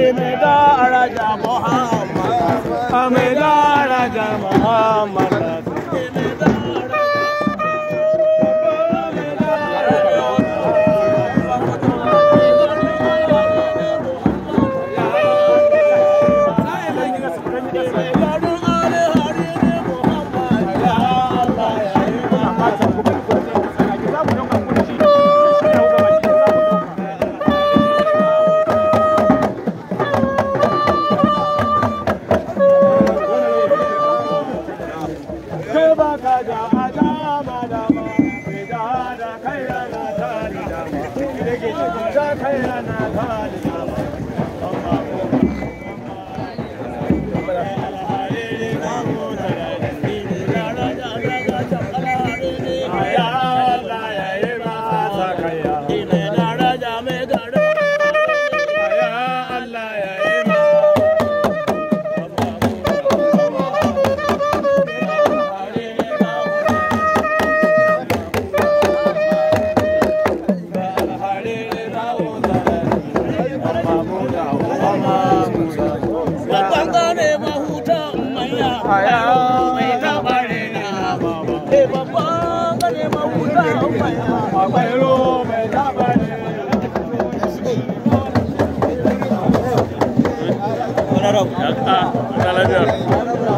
Raja Muhammad, Amida Raja Muhammad. Thank you. لنا ذلك Honorable. Ya, ah,